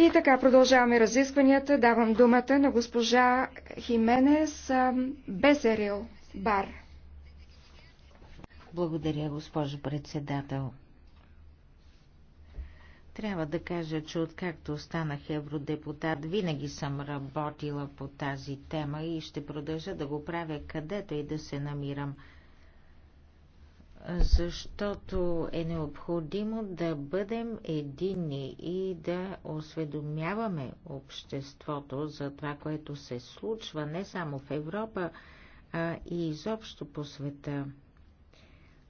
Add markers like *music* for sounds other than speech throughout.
И така продължаваме разискванията. Давам думата на госпожа Хименес Бесерил Бар. Благодаря, госпожо председател. Трябва да кажа, че откакто станах евродепутат, винаги съм работила по тази тема и ще продължа да го правя където и да се намирам – защото е необходимо да бъдем единни и да осведомяваме обществото за това, което се случва не само в Европа, а и изобщо по света.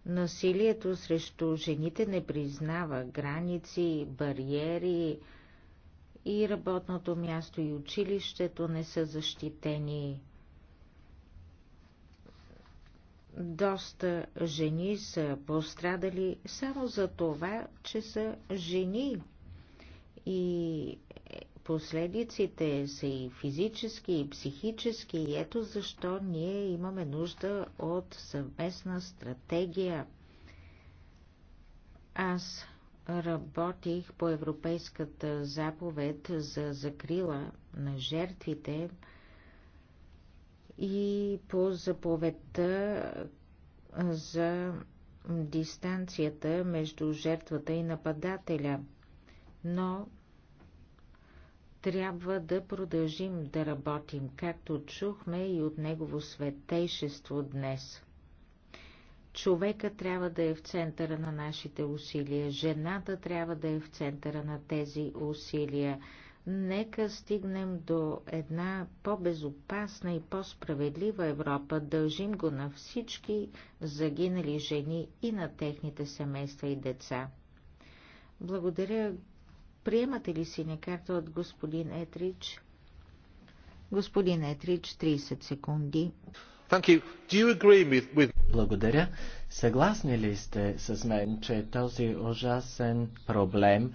Насилието срещу жените не признава граници, бариери и работното място и училището не са защитени. Доста жени са пострадали само за това, че са жени. И последиците са и физически, и психически. И ето защо ние имаме нужда от съвместна стратегия. Аз работих по Европейската заповед за закрила на жертвите – и по заповедта за дистанцията между жертвата и нападателя. Но трябва да продължим да работим, както чухме и от негово светейшество днес. Човека трябва да е в центъра на нашите усилия, жената трябва да е в центъра на тези усилия. Нека стигнем до една по-безопасна и по-справедлива Европа. Дължим го на всички загинали жени и на техните семейства и деца. Благодаря. Приемате ли си карта от господин Етрич? Господин Етрич, 30 секунди. With, with... Благодаря. Съгласни ли сте с мен, че този ужасен проблем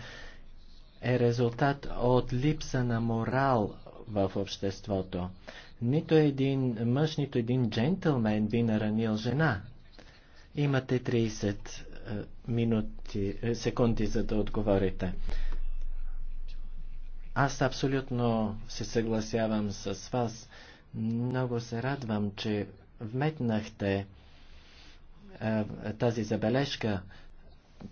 е резултат от липса на морал в обществото. Нито един мъж, нито един джентълмен би наранил жена. Имате 30 е, минути, е, секунди, за да отговорите. Аз абсолютно се съгласявам с вас. Много се радвам, че вметнахте е, тази забележка.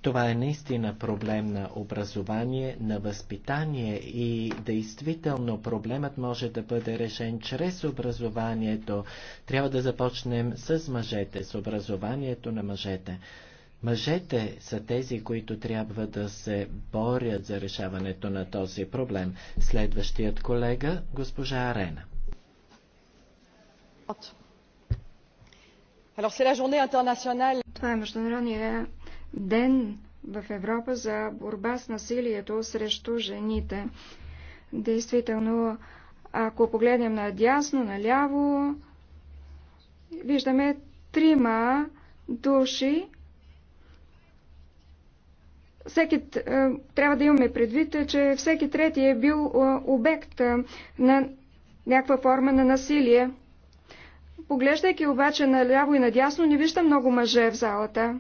Това е наистина проблем на образование, на възпитание и действително проблемът може да бъде решен чрез образованието. Трябва да започнем с мъжете, с образованието на мъжете. Мъжете са тези, които трябва да се борят за решаването на този проблем. Следващият колега, госпожа Арена. Това е Международния ден в Европа за борба с насилието срещу жените. Действително, ако погледнем надясно, наляво, виждаме трима души. Всеки, е, трябва да имаме предвид, че всеки трети е бил е, обект е, на някаква форма на насилие. Поглеждайки обаче наляво и надясно, не виждам много мъже в залата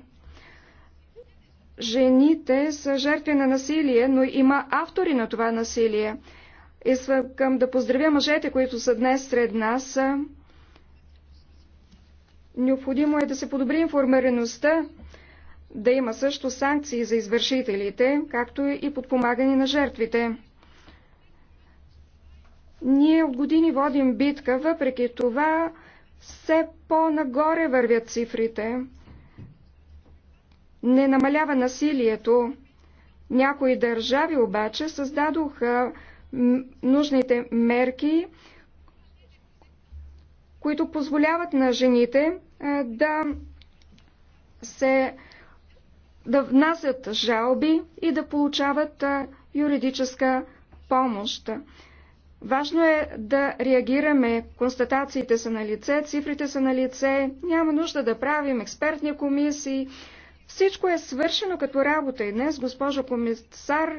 жените са жертви на насилие, но има автори на това насилие. Искам да поздравя мъжете, които са днес сред нас. Необходимо е да се подобри информираността, да има също санкции за извършителите, както и подпомагане на жертвите. Ние от години водим битка, въпреки това все по-нагоре вървят цифрите не намалява насилието. Някои държави обаче създадоха нужните мерки, които позволяват на жените е, да се да внасят жалби и да получават е, юридическа помощ. Важно е да реагираме. Констатациите са на лице, цифрите са на лице. Няма нужда да правим експертни комисии, всичко е свършено като работа и днес, госпожо комисар,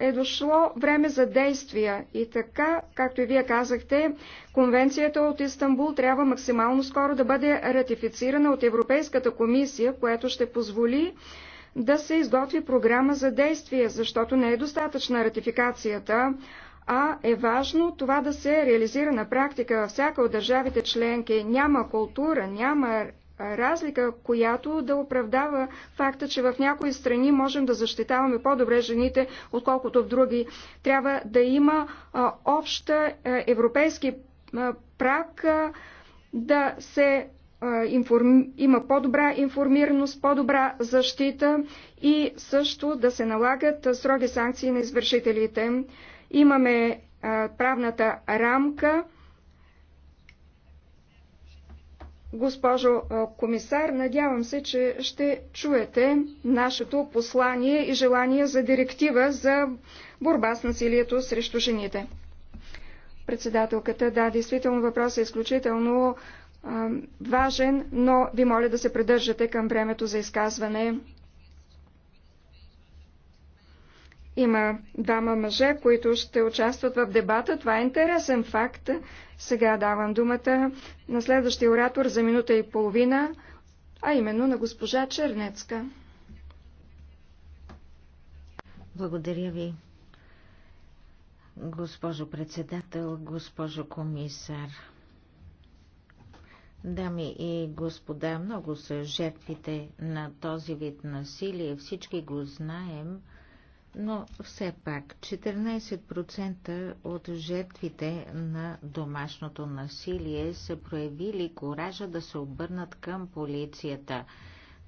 е дошло време за действия. И така, както и вие казахте, конвенцията от Истанбул трябва максимално скоро да бъде ратифицирана от Европейската комисия, което ще позволи да се изготви програма за действие, защото не е достатъчна ратификацията, а е важно това да се реализира на практика във всяка от държавите членки. Няма култура, няма разлика, която да оправдава факта, че в някои страни можем да защитаваме по-добре жените, отколкото в други. Трябва да има обща европейски прак, да се има по-добра информираност, по-добра защита и също да се налагат строги санкции на извършителите. Имаме правната рамка, Госпожо комисар, надявам се, че ще чуете нашето послание и желание за директива за борба с насилието срещу жените. Председателката, да, действително въпросът е изключително важен, но ви моля да се придържате към времето за изказване. Има двама мъже, които ще участват в дебата. Това е интересен факт. Сега давам думата на следващия оратор за минута и половина, а именно на госпожа Чернецка. Благодаря ви, госпожо председател, госпожо комисар. Дами и господа, много са жертвите на този вид насилие. Всички го знаем но все пак 14% от жертвите на домашното насилие са проявили коража да се обърнат към полицията.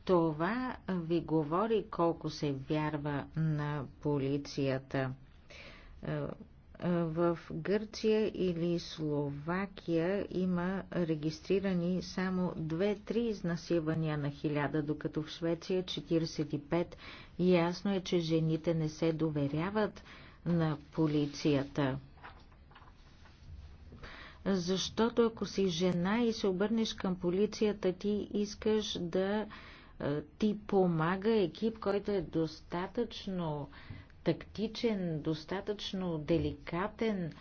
Това ви говори колко се вярва на полицията. Е, в Гърция или Словакия има регистрирани само 2-3 изнасилвания на хиляда, докато в Швеция 45. Ясно е, че жените не се доверяват на полицията. Защото ако си жена и се обърнеш към полицията, ти искаш да ти помага екип, който е достатъчно тактичен, достатъчно деликатен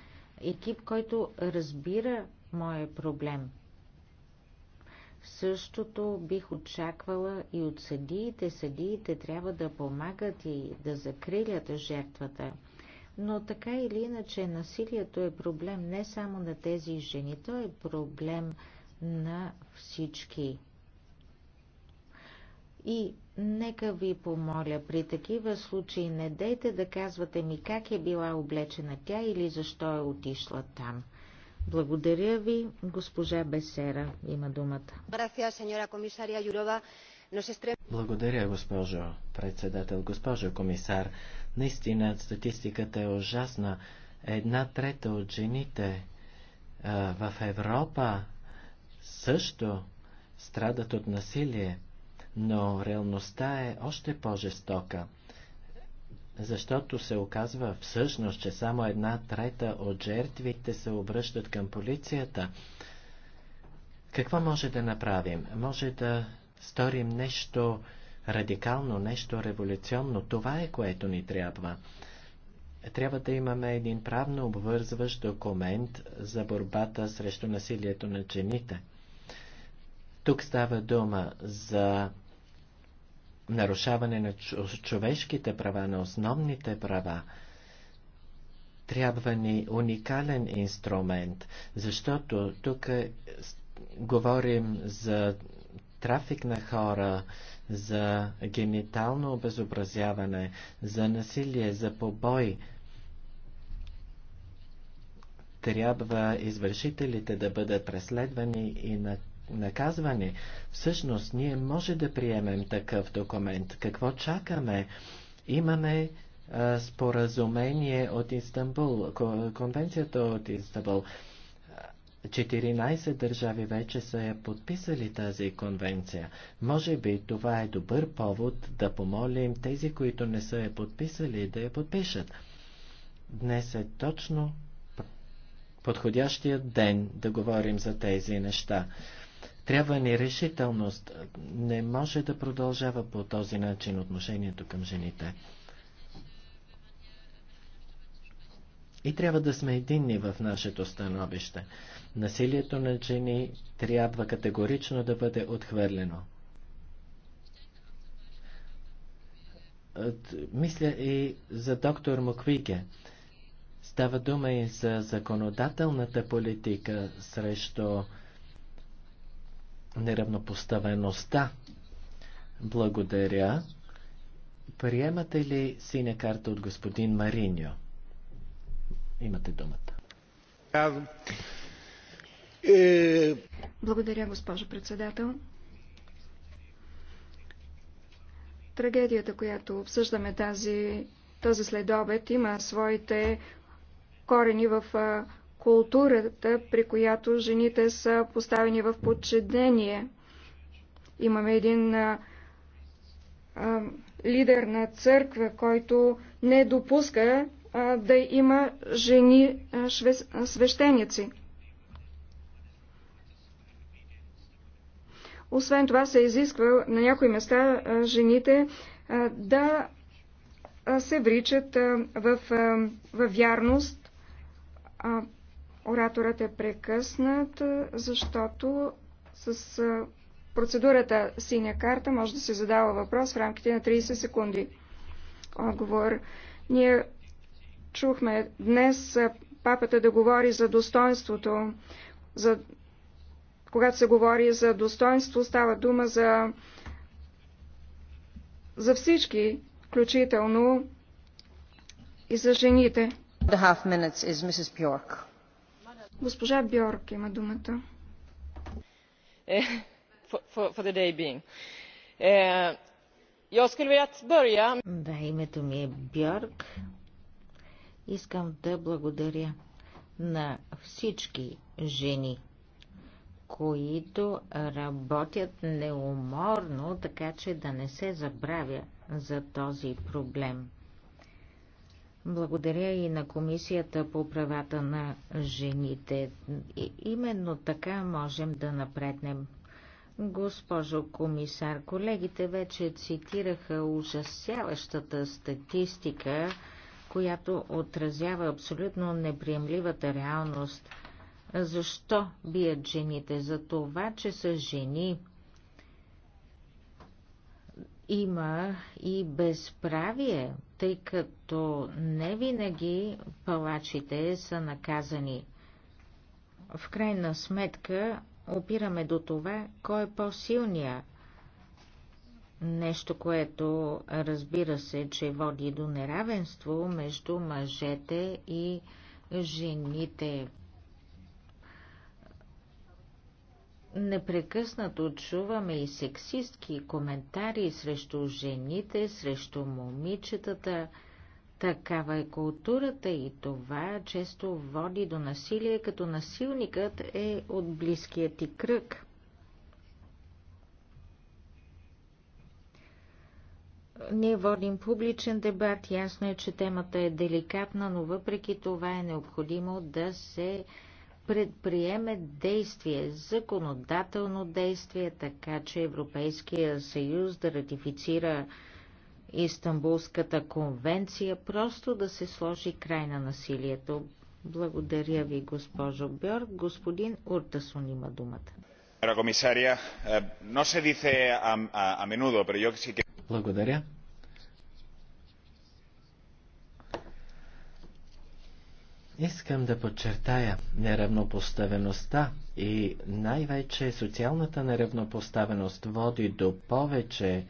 екип, който разбира моя проблем. Същото бих очаквала и от съдиите. Съдиите трябва да помагат и да закрилят жертвата. Но така или иначе насилието е проблем не само на тези жени, то е проблем на всички и нека ви помоля, при такива случаи не дейте да казвате ми как е била облечена тя или защо е отишла там. Благодаря ви, госпожа Бесера има думата. Благодаря, госпожо председател, госпожо комисар. Наистина, статистиката е ужасна. Една трета от жените а, в Европа също страдат от насилие но реалността е още по-жестока, защото се оказва всъщност, че само една трета от жертвите се обръщат към полицията. Какво може да направим? Може да сторим нещо радикално, нещо революционно. Това е което ни трябва. Трябва да имаме един правно обвързващ документ за борбата срещу насилието на жените. Тук става дума за нарушаване на човешките права, на основните права. Трябва ни уникален инструмент, защото тук е говорим за трафик на хора, за генитално обезобразяване, за насилие, за побой. Трябва извършителите да бъдат преследвани и на наказвани. Всъщност, ние може да приемем такъв документ. Какво чакаме? Имаме а, споразумение от Истанбул, конвенцията от Истанбул. 14 държави вече са я подписали тази конвенция. Може би това е добър повод да помолим тези, които не са я подписали, да я подпишат. Днес е точно подходящия ден да говорим за тези неща. Трябва ни решителност. Не може да продължава по този начин отношението към жените. И трябва да сме единни в нашето становище. Насилието на жени трябва категорично да бъде отхвърлено. Мисля и за доктор Муквиге. Става дума и за законодателната политика срещу неравнопоставеността. Благодаря. Приемате ли синя карта от господин Мариньо? Имате думата. Е, Благодаря, госпожо председател. Трагедията, която обсъждаме тази, тази следобед, има своите корени в културата, при която жените са поставени в подчинение. Имаме един а, а, лидер на църква, който не допуска а, да има жени а, а, свещеници. Освен това се изисква на някои места а, жените а, да се вричат в, в вярност Ораторът е прекъснат, защото с процедурата синя карта може да се задава въпрос в рамките на 30 секунди. Отговор. Ние чухме днес папата да говори за достоинството. За... Когато се говори за достоинство, става дума за, за всички, включително и за жените. The half minutes is Mrs. Bjork. Госпожа Бьорк има думата. Е, for, for the day being. Е, да, името ми е Бьорк. Искам да благодаря на всички жени, които работят неуморно, така че да не се забравя за този проблем. Благодаря и на Комисията по правата на жените. И именно така можем да напреднем. Госпожо комисар, колегите вече цитираха ужасяващата статистика, която отразява абсолютно неприемливата реалност. Защо бият жените? За това, че са жени. Има и безправие тъй като не винаги палачите са наказани. В крайна сметка опираме до това, кой е по-силния. Нещо, което разбира се, че води до неравенство между мъжете и жените. Непрекъснато чуваме и сексистки коментари срещу жените, срещу момичетата. Такава е културата и това често води до насилие, като насилникът е от близкия ти кръг. Ние водим публичен дебат, ясно е, че темата е деликатна, но въпреки това е необходимо да се предприеме действие, законодателно действие, така че Европейския съюз да ратифицира Истанбулската конвенция, просто да се сложи край на насилието. Благодаря ви, госпожо Бьорг. Господин Уртасон има думата. Е, Благодаря. Искам да подчертая неравнопоставеността и най-вече социалната неравнопоставеност води до повече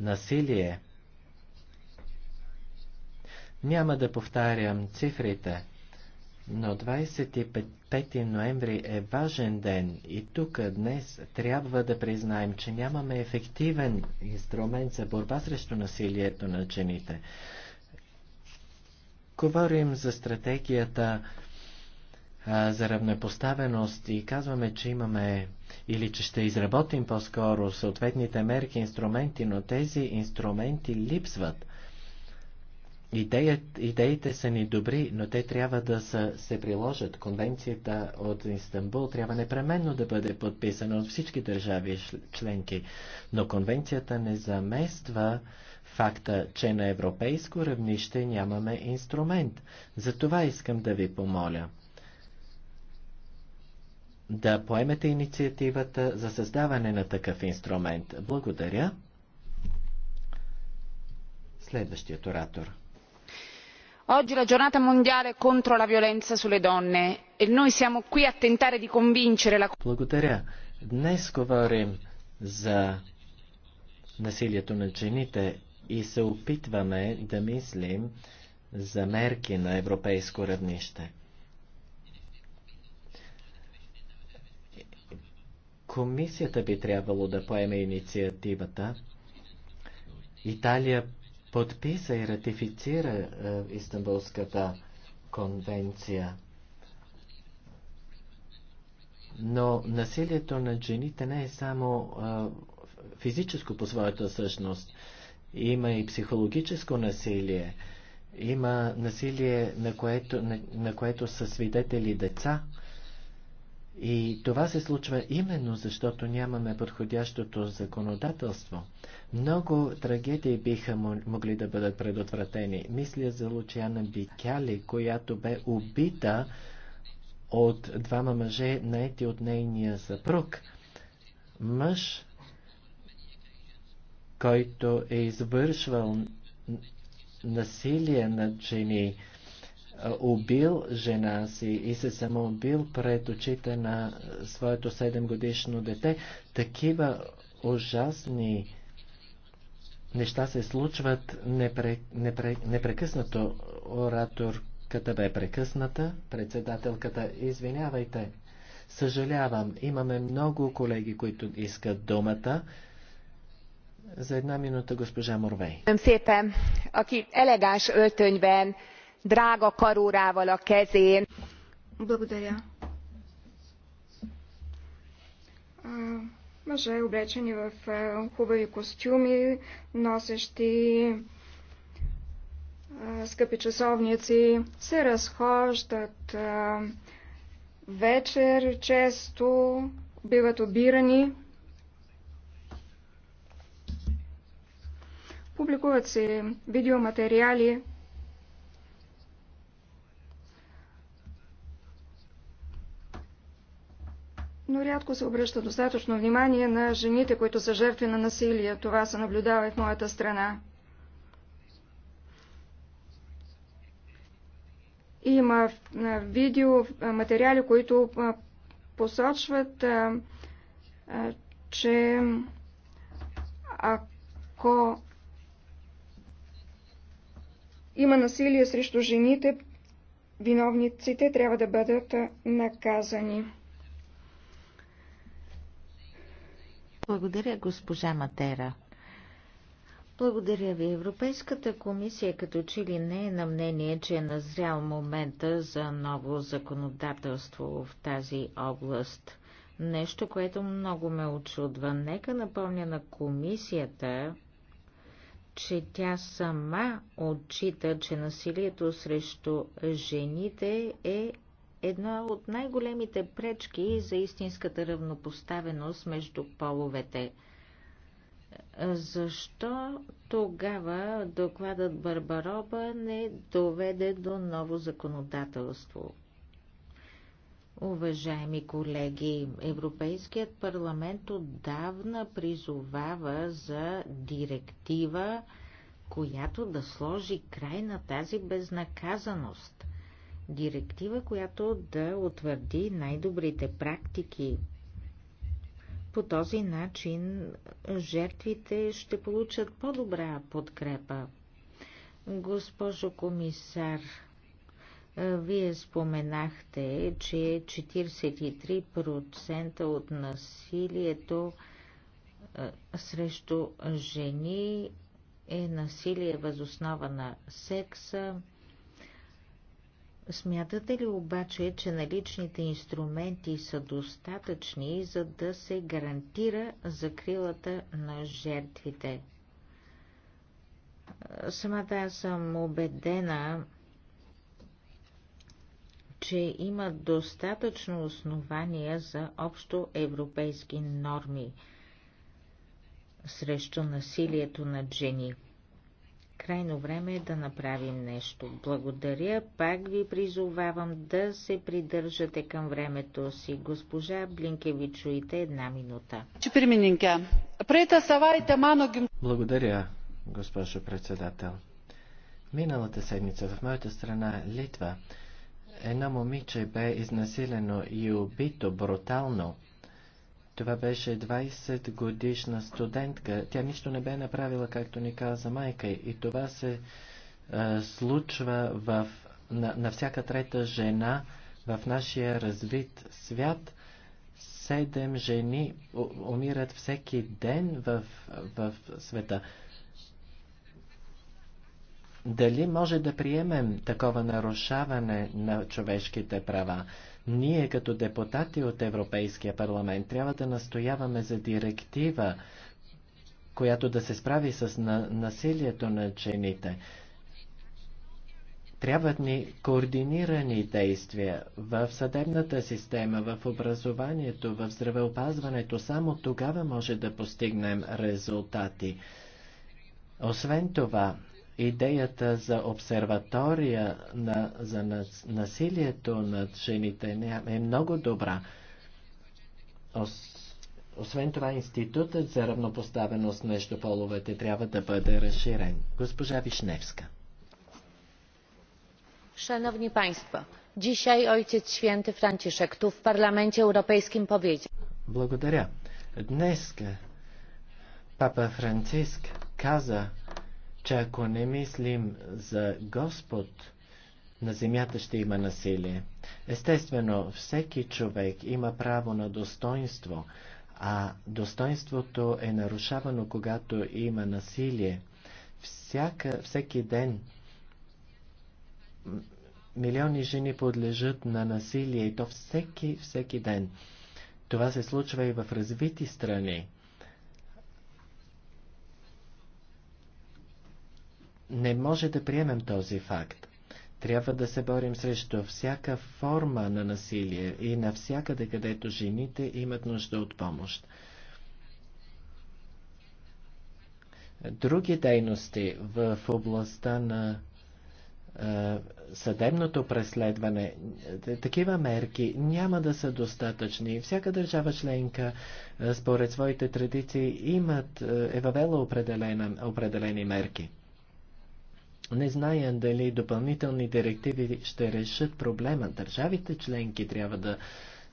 насилие. Няма да повтарям цифрите, но 25 ноември е важен ден и тук днес трябва да признаем, че нямаме ефективен инструмент за борба срещу насилието на жените. Говорим за стратегията а, за равнопоставеност и казваме, че имаме или че ще изработим по-скоро съответните мерки, инструменти, но тези инструменти липсват. Идеят, идеите са ни добри, но те трябва да са, се приложат. Конвенцията от Истанбул трябва непременно да бъде подписана от всички държави членки, но конвенцията не замества факта, че на европейско равнище нямаме инструмент. За това искам да ви помоля да поемете инициативата за създаване на такъв инструмент. Благодаря. Следващият оратор. Oggi la giornata mondiale contro la violenza sulle donne e noi siamo qui a tentare di convincere la Благодаря. Днес говорим за насилието на жените и се опитваме да мислим за мерки на европейско равнище. Комисията би трябвало да поеме инициативата. Италия подписа и ратифицира е, Истанбулската конвенция. Но насилието над жените не е само а, е, физическо по своята същност. Има и психологическо насилие. Има насилие, на което, на, на което са свидетели деца. И това се случва именно защото нямаме подходящото законодателство. Много трагедии биха могли да бъдат предотвратени. Мисля за Лучиана Бикяли, която бе убита от двама мъже, наети от нейния съпруг. Мъж, който е извършвал насилие над жени, убил жена си и се самоубил пред очите на своето 7-годишно дете. Такива ужасни неща се случват непре, непре, непрекъснато. Ораторката бе прекъсната, председателката, извинявайте, съжалявам, имаме много колеги, които искат думата. За една минута госпожа Морвей. Благодаря. мъже, облечени в хубави костюми, носещи скъпи часовници, се разхождат вечер, често биват обирани Публикуват се видеоматериали. Но рядко се обръща достатъчно внимание на жените, които са жертви на насилие. Това се наблюдава и в моята страна. Има видеоматериали, които посочват, че ако има насилие срещу жените, виновниците трябва да бъдат наказани. Благодаря, госпожа Матера. Благодаря ви. Европейската комисия като че ли не е на мнение, че е назрял момента за ново законодателство в тази област. Нещо, което много ме очудва. Нека напомня на комисията, че тя сама отчита, че насилието срещу жените е една от най-големите пречки за истинската равнопоставеност между половете. Защо тогава докладът Барбароба не доведе до ново законодателство? Уважаеми колеги, Европейският парламент отдавна призовава за директива, която да сложи край на тази безнаказаност. Директива, която да утвърди най-добрите практики. По този начин жертвите ще получат по-добра подкрепа. Госпожо комисар, вие споменахте, че 43% от насилието срещу жени е насилие възоснова на секса. Смятате ли обаче, че наличните инструменти са достатъчни, за да се гарантира закрилата на жертвите? Самата аз съм убедена, че има достатъчно основания за общо европейски норми срещу насилието над жени. Крайно време е да направим нещо. Благодаря, пак ви призовавам да се придържате към времето си. Госпожа Блинкевич, чуйте една минута. Благодаря, госпожо председател. Миналата седмица в моята страна Литва Едно момиче бе изнасилено и убито брутално. Това беше 20 годишна студентка. Тя нищо не бе направила, както ни каза майка И това се е, случва в, на, на всяка трета жена в нашия развит свят. Седем жени умират всеки ден в, в света. Дали може да приемем такова нарушаване на човешките права? Ние като депутати от Европейския парламент трябва да настояваме за директива, която да се справи с на насилието на жените. Трябват ни координирани действия в съдебната система, в образованието, в здравеопазването. Само тогава може да постигнем резултати. Освен това, идеята за обсерватория на, за насилието над жените е много добра. Ос, Освен това, институтът за равнопоставеност между половете трябва да бъде разширен. Госпожа Вишневска. Шановни панства, dzisiaj Ojciec Święty Franciszek tu w Parlamencie Europejskim powiedział. Благодаря. Днес папа Франциск каза, че ако не мислим за Господ, на земята ще има насилие. Естествено, всеки човек има право на достоинство, а достоинството е нарушавано, когато има насилие. Всяка, всеки ден милиони жени подлежат на насилие и то всеки, всеки ден. Това се случва и в развити страни. Не може да приемем този факт. Трябва да се борим срещу всяка форма на насилие и навсякъде, където жените имат нужда от помощ. Други дейности в областта на е, съдебното преследване, е, такива мерки няма да са достатъчни. Всяка държава членка, е, според своите традиции, имат, е въвела определени мерки. Не зная дали допълнителни директиви ще решат проблема. Държавите членки трябва да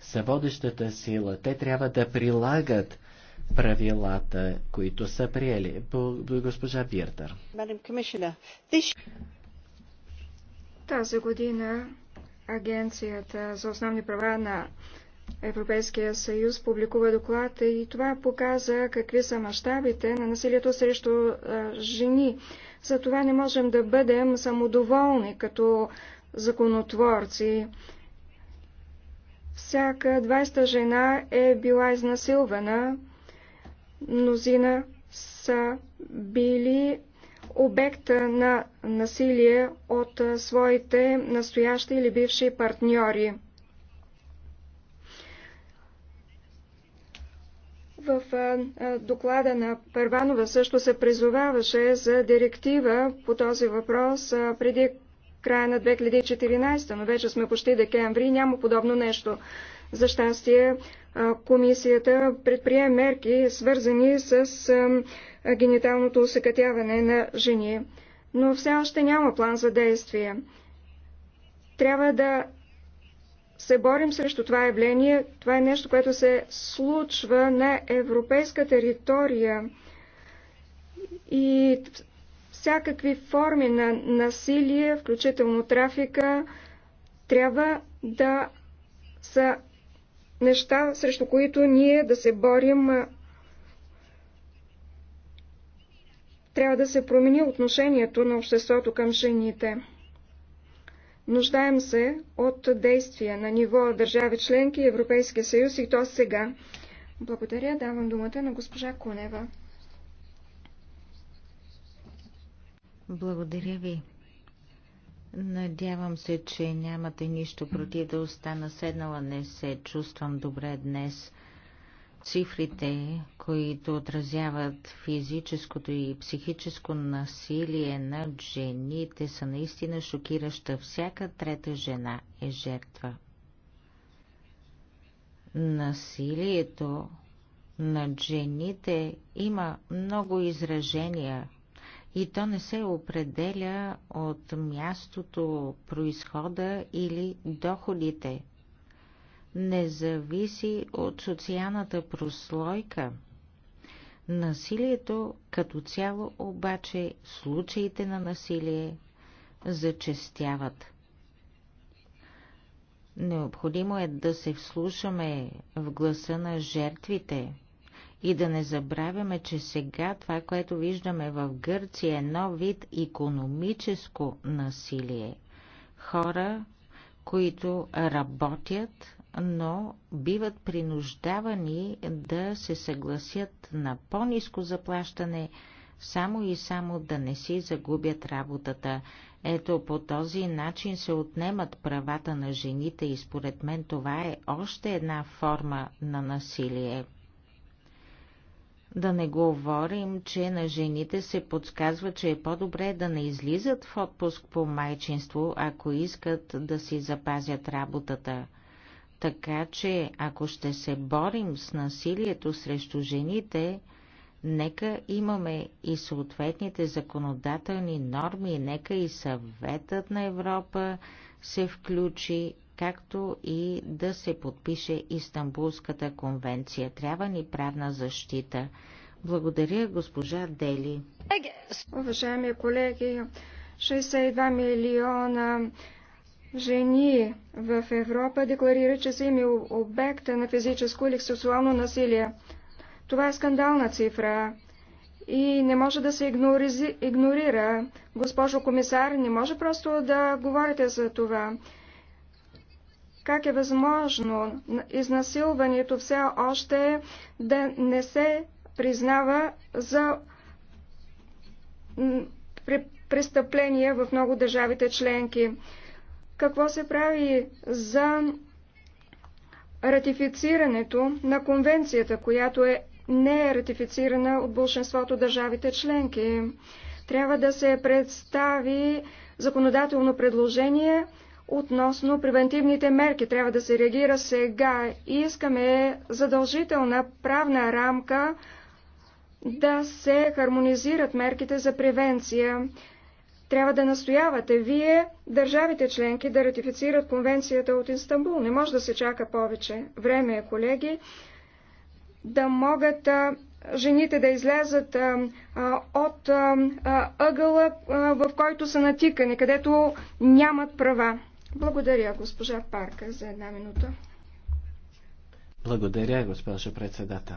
са водещата сила. Те трябва да прилагат правилата, които са приели. Госпожа Биртър. Тази година Агенцията за основни права на Европейския съюз публикува доклад и това показа какви са мащабите на насилието срещу жени. жени. Затова не можем да бъдем самодоволни като законотворци. Всяка 20-та жена е била изнасилвана, мнозина са били обекта на насилие от своите настоящи или бивши партньори. В доклада на Първанова също се призоваваше за директива по този въпрос преди края на 2014, но вече сме почти декември и няма подобно нещо. За щастие, комисията предприе мерки, свързани с гениталното усъкътяване на жени, но все още няма план за действие. Трябва да се борим срещу това явление. Това е нещо, което се случва на европейска територия и всякакви форми на насилие, включително трафика, трябва да са неща, срещу които ние да се борим. Трябва да се промени отношението на обществото към жените. Нуждаем се от действия на ниво държави членки и Европейския съюз и то сега. Благодаря. Давам думата на госпожа Конева. Благодаря ви. Надявам се, че нямате нищо против да остана седнала. Не се чувствам добре днес. Цифрите, които отразяват физическото и психическо насилие на жените, са наистина шокираща. Всяка трета жена е жертва. Насилието над жените има много изражения и то не се определя от мястото, происхода или доходите – не зависи от социалната прослойка. Насилието като цяло обаче случаите на насилие зачестяват. Необходимо е да се вслушаме в гласа на жертвите и да не забравяме, че сега това, което виждаме в Гърция е нов вид економическо насилие. Хора, които работят но биват принуждавани да се съгласят на по-низко заплащане, само и само да не си загубят работата. Ето по този начин се отнемат правата на жените и според мен това е още една форма на насилие. Да не говорим, че на жените се подсказва, че е по-добре да не излизат в отпуск по майчинство, ако искат да си запазят работата. Така че, ако ще се борим с насилието срещу жените, нека имаме и съответните законодателни норми, нека и съветът на Европа се включи, както и да се подпише Истанбулската конвенция. Трябва ни правна защита. Благодаря, госпожа Дели. Уважаеми колеги, 62 милиона жени в Европа декларира, че са им обекта на физическо или сексуално насилие. Това е скандална цифра и не може да се игнорира. Госпожо комисар, не може просто да говорите за това. Как е възможно изнасилването все още да не се признава за престъпление в много държавите членки? какво се прави за ратифицирането на конвенцията, която е, не е ратифицирана от большинството държавите членки. Трябва да се представи законодателно предложение относно превентивните мерки. Трябва да се реагира сега. И искаме задължителна правна рамка да се хармонизират мерките за превенция. Трябва да настоявате вие, държавите членки, да ратифицират конвенцията от Истанбул. Не може да се чака повече. Време е, колеги, да могат а, жените да излязат а, а, от а, ъгъла, а, в който са натикани, където нямат права. Благодаря, госпожа Парка, за една минута. Благодаря, госпожо председател.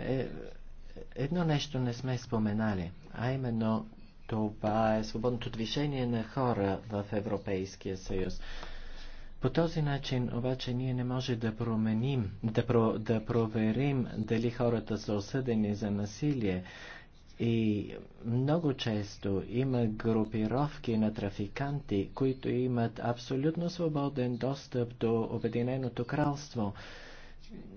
Е, едно нещо не сме споменали, а именно това е свободното движение на хора в Европейския съюз. По този начин обаче ние не може да променим, да, про, да проверим дали хората са осъдени за насилие. И много често има групировки на трафиканти, които имат абсолютно свободен достъп до Обединеното кралство.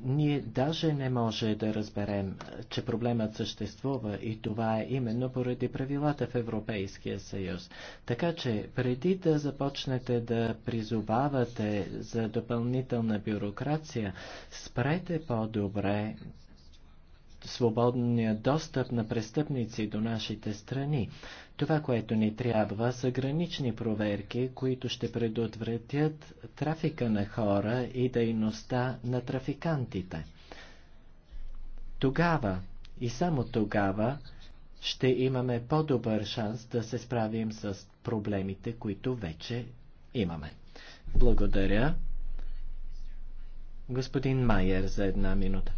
Ние даже не може да разберем, че проблемът съществува и това е именно поради правилата в Европейския съюз. Така че, преди да започнете да призовавате за допълнителна бюрокрация, спрете по-добре свободния достъп на престъпници до нашите страни. Това, което ни трябва, са гранични проверки, които ще предотвратят трафика на хора и дейността на трафикантите. Тогава и само тогава ще имаме по-добър шанс да се справим с проблемите, които вече имаме. Благодаря. Господин Майер за една минута.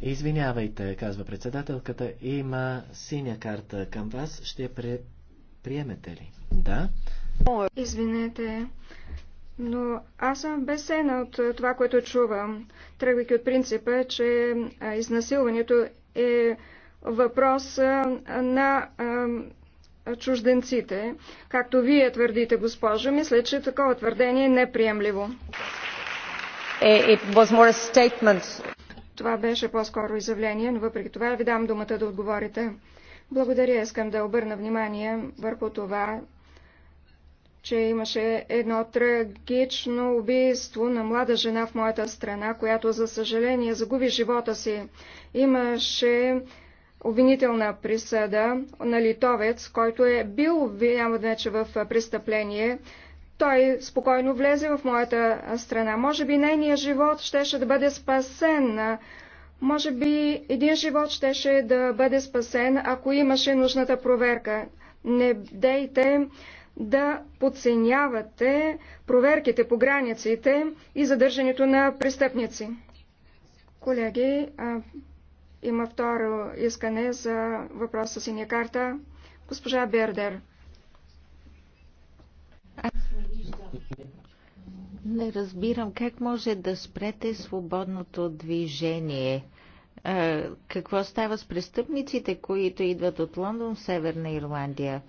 Извинявайте, казва председателката, има синя карта към вас. Ще пре... приемете ли? Да. Извинете, но аз съм безсена от това, което чувам, тръгвайки от принципа, че изнасилването е въпрос на чужденците. Както вие твърдите, госпожо, мисля, че такова твърдение е неприемливо. Е, е, it was more a statement това беше по-скоро изявление, но въпреки това ви дам думата да отговорите. Благодаря, искам да обърна внимание върху това, че имаше едно трагично убийство на млада жена в моята страна, която за съжаление загуби живота си. Имаше обвинителна присъда на литовец, който е бил обвиняван вече в престъпление той спокойно влезе в моята страна. Може би нейният живот щеше да бъде спасен. Може би един живот щеше да бъде спасен, ако имаше нужната проверка. Не дейте да подценявате проверките по границите и задържането на престъпници. Колеги, а, има второ искане за въпрос с синя карта. Госпожа Бердер. Аз не разбирам как може да спрете свободното движение. Е, какво става с престъпниците, които идват от Лондон в Северна Ирландия?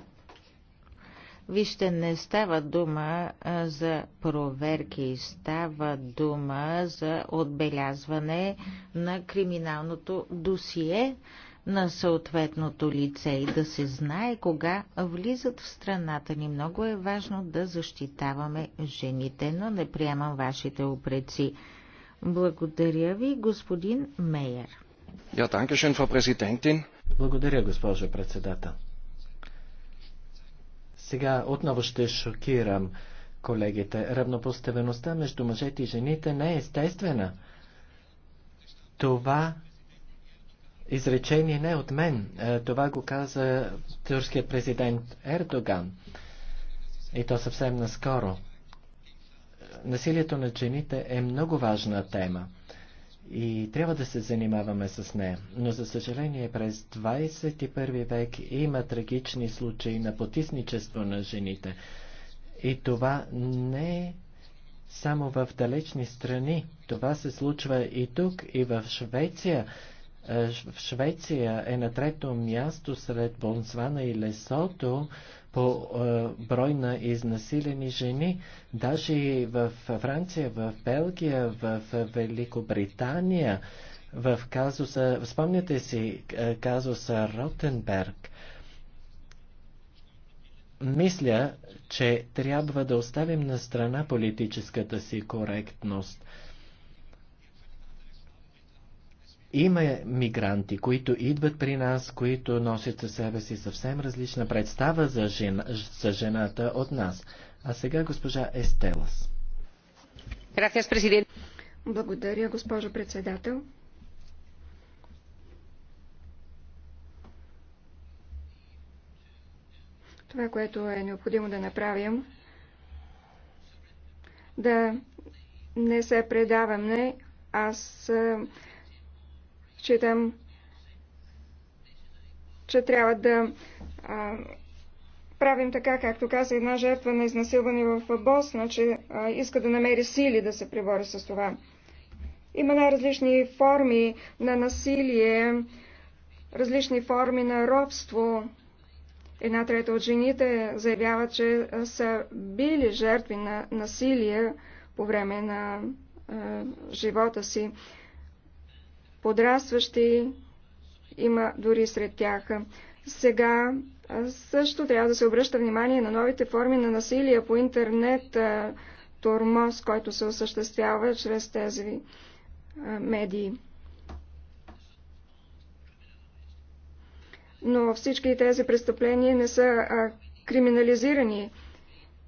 Вижте, не става дума е, за проверки, става дума за отбелязване на криминалното досие на съответното лице и да се знае кога влизат в страната ни. Много е важно да защитаваме жените, но не приемам вашите опреци. Благодаря ви, господин Мейер. Ja, danke schön, Frau Präsidentin. Благодаря, госпожо председател. Сега отново ще шокирам колегите. Равнопоставеността между мъжете и жените не е естествена. Това изречение не от мен. Е, това го каза турският президент Ердоган. И то съвсем наскоро. Насилието на жените е много важна тема и трябва да се занимаваме с нея. Но за съжаление през 21 век има трагични случаи на потисничество на жените. И това не е само в далечни страни. Това се случва и тук, и в Швеция. Е, в Швеция е на трето място сред Бонсвана и Лесото по е, брой на изнасилени жени. Даже и в Франция, в Белгия, в Великобритания, в казуса, спомняте си е, казуса Ротенберг, мисля, че трябва да оставим на страна политическата си коректност – има мигранти, които идват при нас, които носят със себе си съвсем различна представа за, жена, за жената от нас. А сега госпожа Естелас. Благодаря, госпожо председател. Това, което е необходимо да направим, да не се предаваме. Аз Считам, че трябва да а, правим така, както каза една жертва на изнасилване в Босна, че а, иска да намери сили да се прибори с това. Има най-различни форми на насилие, различни форми на робство. Една трета от жените заявява, че са били жертви на насилие по време на а, живота си подрастващи има дори сред тях. Сега също трябва да се обръща внимание на новите форми на насилие по интернет, тормоз, който се осъществява чрез тези медии. Но всички тези престъпления не са криминализирани.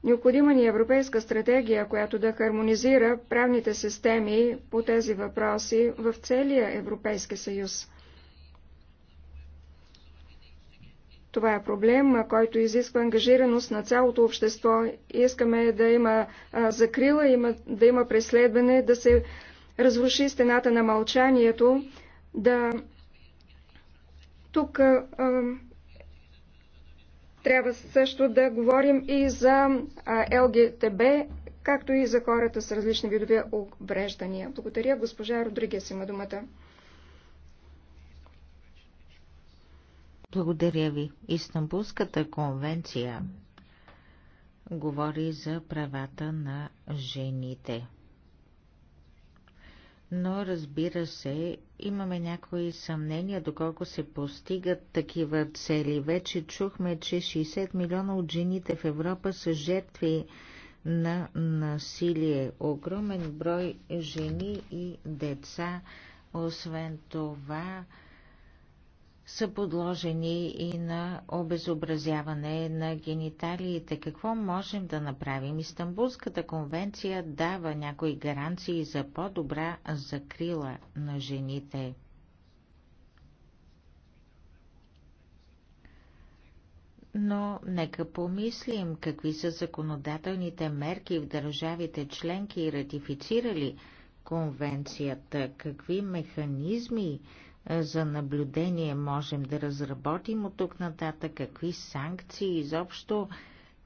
Необходима ни е европейска стратегия, която да хармонизира правните системи по тези въпроси в целия Европейски съюз. Това е проблем, който изисква ангажираност на цялото общество. Искаме да има закрила, да има преследване, да се разруши стената на мълчанието, да... Тук трябва също да говорим и за ЛГТБ, както и за хората с различни видове обреждания. Благодаря. Госпожа Родригес има думата. Благодаря ви. Истанбулската конвенция говори за правата на жените но разбира се, имаме някои съмнения доколко се постигат такива цели. Вече чухме, че 60 милиона от жените в Европа са жертви на насилие. Огромен брой жени и деца. Освен това, са подложени и на обезобразяване на гениталиите. Какво можем да направим? Истанбулската конвенция дава някои гаранции за по-добра закрила на жените. Но нека помислим какви са законодателните мерки в държавите членки, и ратифицирали конвенцията, какви механизми за наблюдение можем да разработим от тук нататък, какви санкции изобщо,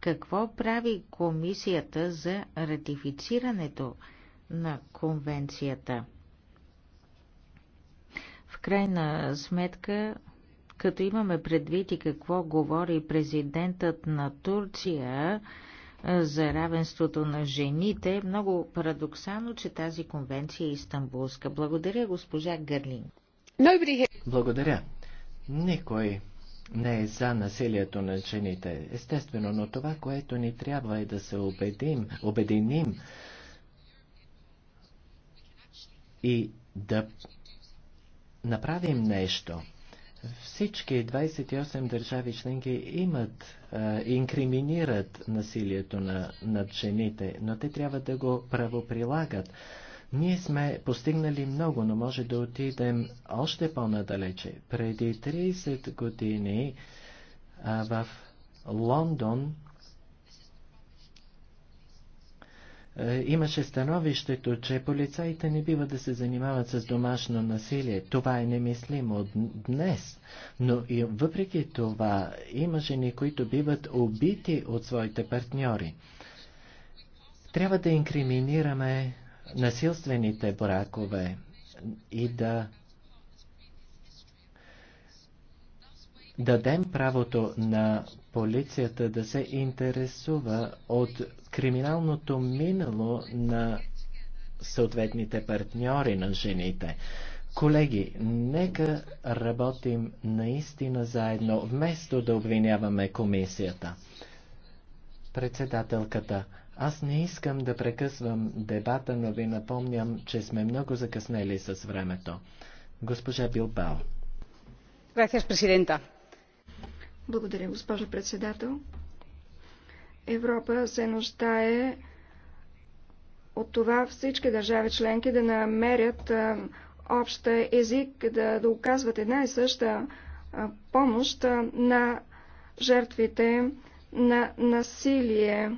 какво прави комисията за ратифицирането на конвенцията. В крайна сметка, като имаме предвид и какво говори президентът на Турция, за равенството на жените. Е много парадоксално, че тази конвенция е истанбулска. Благодаря, госпожа Гърлин. Благодаря. Никой не е за насилието на жените. Естествено, но това, което ни трябва е да се убедим, обединим и да направим нещо. Всички 28 държави членки имат, е, инкриминират насилието на, над жените, но те трябва да го правоприлагат. Ние сме постигнали много, но може да отидем още по-надалече. Преди 30 години а, в Лондон имаше становището, че полицаите не бива да се занимават с домашно насилие. Това е немислимо днес. Но и въпреки това има жени, които биват убити от своите партньори. Трябва да инкриминираме насилствените бракове и да дадем правото на полицията да се интересува от криминалното минало на съответните партньори на жените. Колеги, нека работим наистина заедно, вместо да обвиняваме комисията. Председателката аз не искам да прекъсвам дебата, но ви напомням, че сме много закъснели с времето. Госпожа Билбао. Благодаря, госпожо председател. Европа се нуждае от това всички държави членки да намерят обща език, да, да оказват една и съща помощ на жертвите на насилие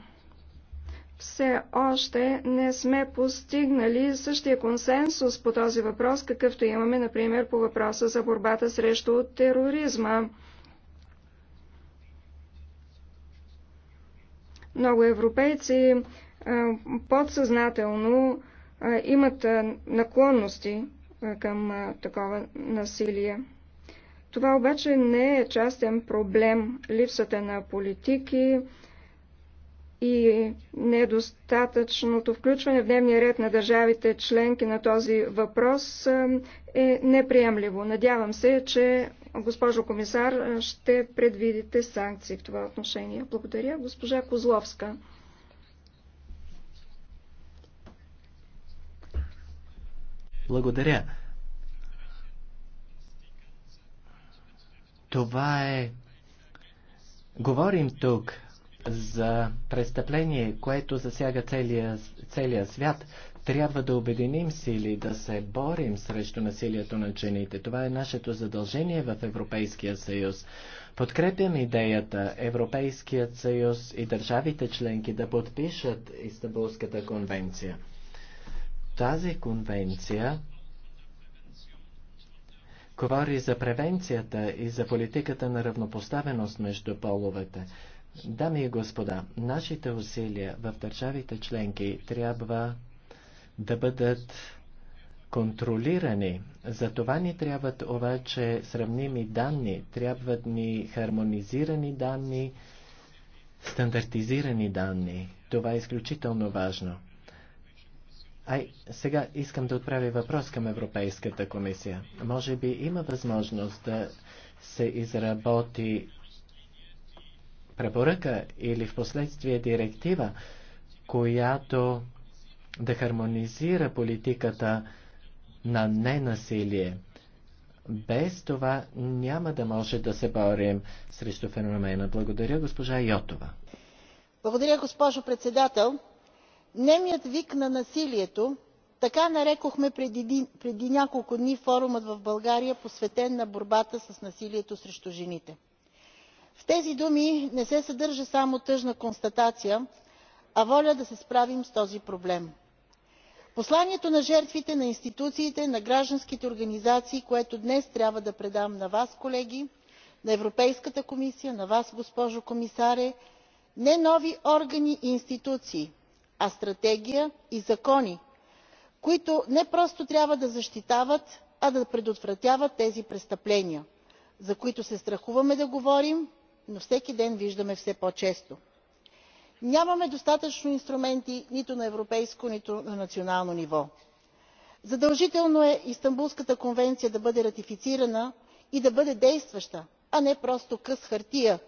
все още не сме постигнали същия консенсус по този въпрос, какъвто имаме, например, по въпроса за борбата срещу тероризма. Много европейци подсъзнателно имат наклонности към такова насилие. Това обаче не е частен проблем. Липсата на политики, и недостатъчното включване в дневния ред на държавите членки на този въпрос е неприемливо. Надявам се, че госпожо комисар ще предвидите санкции в това отношение. Благодаря. Госпожа Козловска. Благодаря. Това е... Говорим тук за престъпление, което засяга целия, целия свят, трябва да обединим сили, да се борим срещу насилието на жените. Това е нашето задължение в Европейския съюз. Подкрепям идеята Европейският съюз и държавите членки да подпишат Истанбулската конвенция. Тази конвенция говори за превенцията и за политиката на равнопоставеност между половете. Дами и господа, нашите усилия в държавите членки трябва да бъдат контролирани. За това ни трябват обаче сравними данни, трябват ни хармонизирани данни, стандартизирани данни. Това е изключително важно. Ай, сега искам да отправя въпрос към Европейската комисия. Може би има възможност да се изработи препоръка или в последствие директива, която да хармонизира политиката на ненасилие. Без това няма да може да се борим срещу феномена. Благодаря, госпожа Йотова. Благодаря, госпожо председател. Немият вик на насилието, така нарекохме преди, преди няколко дни форумът в България, посветен на борбата с насилието срещу жените в тези думи не се съдържа само тъжна констатация а воля да се справим с този проблем. посланието на жертвите на институциите на гражданските организации което днес трябва да предам на вас колеги на европейската комисия на вас госпожо комисар е не нови органи и институции а стратегия и закони които не просто трябва да защитават а да предотвратяват тези престъпления за които се страхуваме да говорим но всеки ден виждаме все по често. нямаме достатъчно инструменти нито на европейско нито на национално ниво. задължително е истанбулската конвенция да бъде ратифицирана и да бъде действаща а не просто къс хартия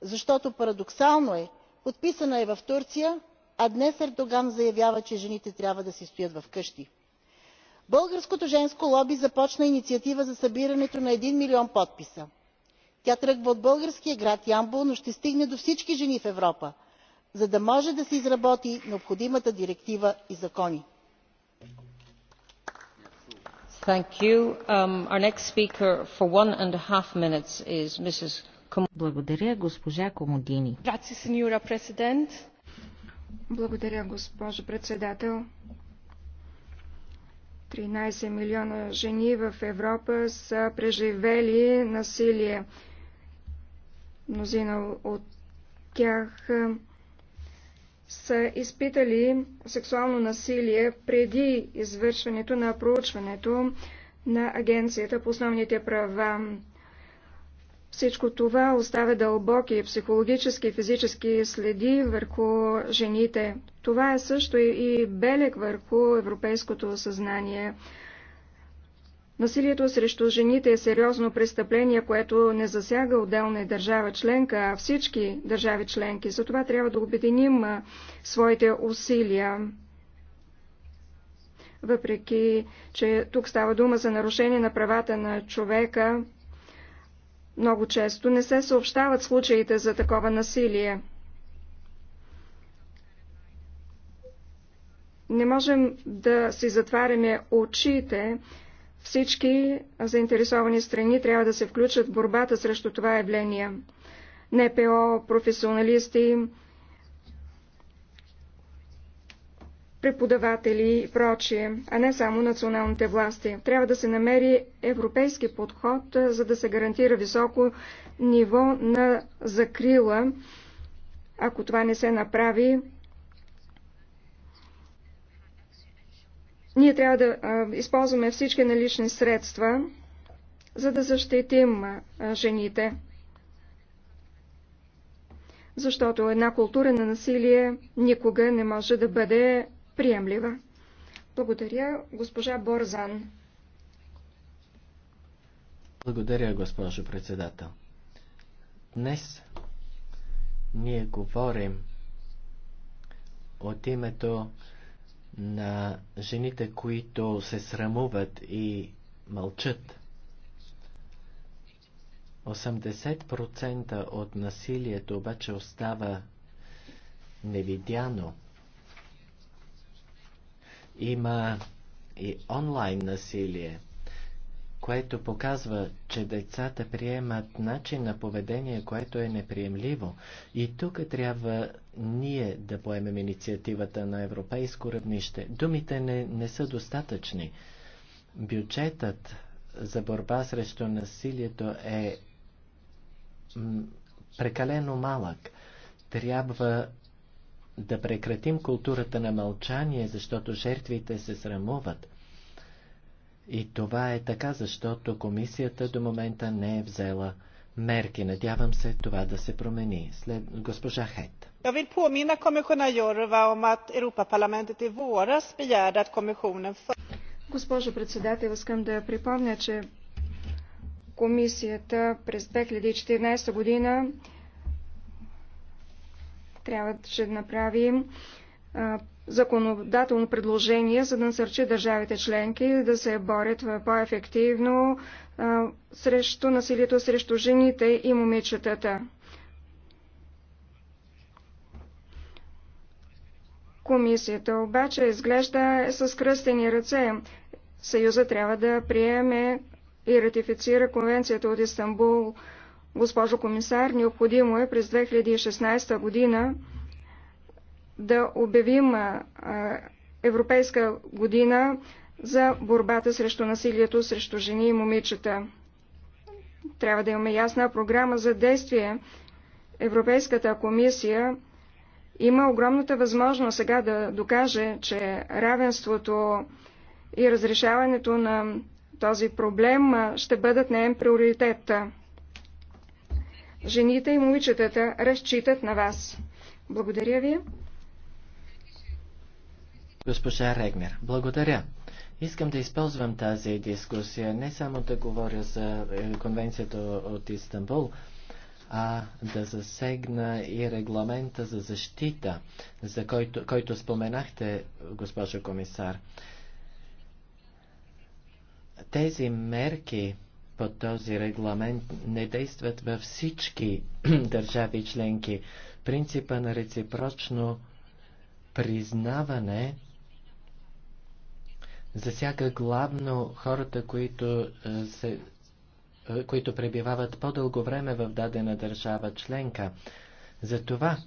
защото парадоксално е подписана е в турция а днес ердоган заявява че жените трябва да си стоят вкъщи. българското женско лоби започна инициатива за събирането на един милион подписа тя тръгва от българския град ямбол но ще стигне до всички жени в европа за да може да се изработи необходимата директива и закони. Um, Благодаря, госпожа Комодини. Благодаря, госпожо председател. 13 милиона жени в Европа са преживели насилие. Мнозина от тях е, са изпитали сексуално насилие преди извършването на проучването на Агенцията по основните права. Всичко това оставя дълбоки психологически и физически следи върху жените. Това е също и белег върху европейското съзнание. Насилието срещу жените е сериозно престъпление, което не засяга отделна държава членка, а всички държави членки. Затова трябва да обединим своите усилия. Въпреки, че тук става дума за нарушение на правата на човека, много често не се съобщават случаите за такова насилие. Не можем да си затваряме очите всички заинтересовани страни трябва да се включат в борбата срещу това явление. НПО, професионалисти, преподаватели и прочие, а не само националните власти. Трябва да се намери европейски подход, за да се гарантира високо ниво на закрила. Ако това не се направи, Ние трябва да използваме всички налични средства, за да защитим жените. Защото една култура на насилие никога не може да бъде приемлива. Благодаря, госпожа Борзан. Благодаря, госпожо председател. Днес ние говорим от името на жените, които се срамуват и мълчат. 80% от насилието обаче остава невидяно. Има и онлайн насилие – което показва, че децата приемат начин на поведение, което е неприемливо. И тук трябва ние да поемем инициативата на европейско равнище. Думите не, не са достатъчни. Бюджетът за борба срещу насилието е прекалено малък. Трябва да прекратим културата на мълчание, защото жертвите се срамуват. И това е така, защото комисията до момента не е взела мерки. Надявам се това да се промени. След госпожа Хет. Jag vill påminna kommissionär Jorva om att Europaparlamentet i våras begärde att kommissionen för... Госпожо председател, искам да припомня, че комисията през 2014 година трябваше да направи законодателно предложение, за да насърчи държавите членки да се борят по-ефективно срещу насилието срещу жените и момичетата. Комисията обаче изглежда с кръстени ръце. Съюза трябва да приеме и ратифицира конвенцията от Истанбул. Госпожо комисар, необходимо е през 2016 година да обявим Европейска година за борбата срещу насилието срещу жени и момичета. Трябва да имаме ясна програма за действие. Европейската комисия има огромната възможност сега да докаже, че равенството и разрешаването на този проблем ще бъдат неем приоритет. Жените и момичетата разчитат на вас. Благодаря ви. Госпожа Регнер, благодаря. Искам да използвам тази дискусия не само да говоря за е, конвенцията от Истанбул, а да засегна и регламента за защита, за който, който споменахте, госпожо комисар. Тези мерки по този регламент не действат във всички *clears throat* държави членки. Принципа на реципрочно признаване засяга главно хората, които, е, се, е, които пребивават по-дълго време в дадена държава членка. Затова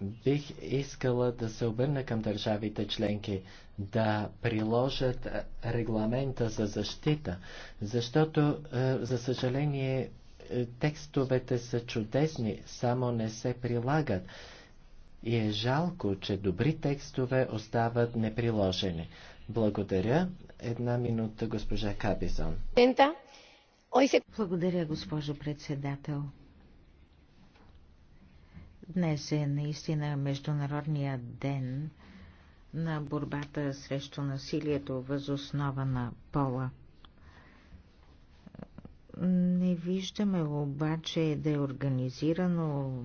бих искала да се обърна към държавите членки да приложат е, регламента за защита, защото, за съжаление, текстовете са чудесни, само не се прилагат. И е жалко, че добри текстове остават неприложени. Благодаря. Една минута, госпожа Кабизон. Благодаря, госпожо председател. Днес е наистина Международния ден на борбата срещу насилието въз основа на пола. Не виждаме обаче да е организирано